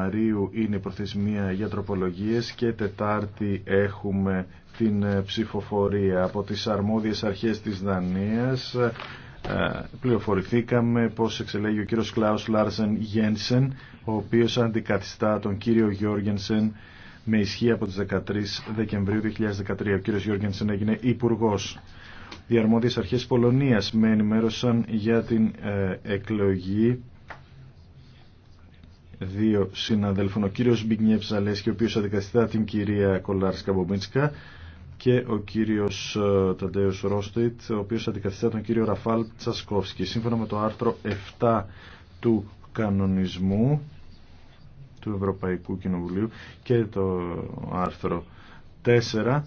Μαρίου είναι η προθεσμία για τροπολογίες και Τετάρτη έχουμε την ε, ψηφοφορία από τις αρμόδιες αρχές της Δανίας. Ε, πληροφορηθήκαμε πως εξελέγει ο κύριος Κλάους Λάρσεν Γένσεν, ο οποίος αντικαθιστά τον κύριο Γιώργενσεν με ισχύ από τις 13 Δεκεμβρίου 2013. Ο κύριος Γιώργενσεν έγινε υπουργό. Οι αρμόδιες αρχές Πολωνίας με ενημέρωσαν για την ε, εκλογή δύο συναδέλφων, ο κύριος Μπιγνιέφ Ζαλέσκη, ο οποίος αδικαστητά την κυρία Κολάρσκα Μπομπίντσκα και ο κύριος ε, Ταντέος Ρόστιτ, ο οποίος αντικαθιστά τον κύριο Ραφάλ Τσασκόφσκι. Σύμφωνα με το άρθρο 7 του κανονισμού του Ευρωπαϊκού Κοινοβουλίου και το άρθρο 4